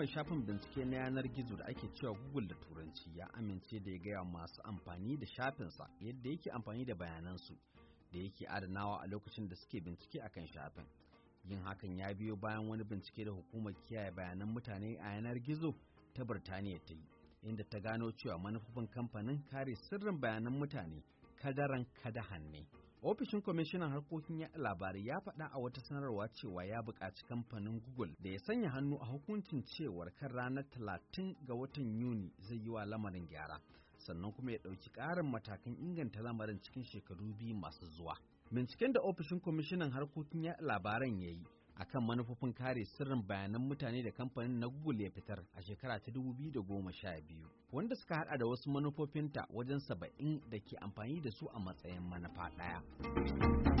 mai shafin bincike na yanar gizo da ake cewa Google da Turanci ya amince da ya gaya masu amfani da shafinsa yadda yake amfani da bayanansu da yake adanawa a lokacin da suke bincike akan shafin. Yin hakan ya biyo bayan wani bincike da hukumar kiyaye bayanan mutane a yanar gizo ta Birtaniya ta yi, inda ta gano cewa manufofin kamfanin kare sirrin bayanan mutane kadaran kadahan ne. Ofishin kwamishinan harkokin yaɗa labarai ya faɗa a wata sanarwa cewa ya buƙaci kamfanin Google da ya sanya hannu a hukuncin cewar kan ranar talatin ga watan Yuni zai yi wa lamarin gyara, sannan kuma ya ɗauki ƙarin matakan inganta lamarin cikin shekaru biyu masu zuwa. Binciken da ofishin kwamishinan harkokin yaɗa labaran ya yi akan manufofin kare sirrin bayanan mutane da kamfanin na Google ya fitar a shekara ta 2012 wanda suka hada da wasu manufofinta wajen saba'in da ke amfani da su a matsayin manufa ɗaya.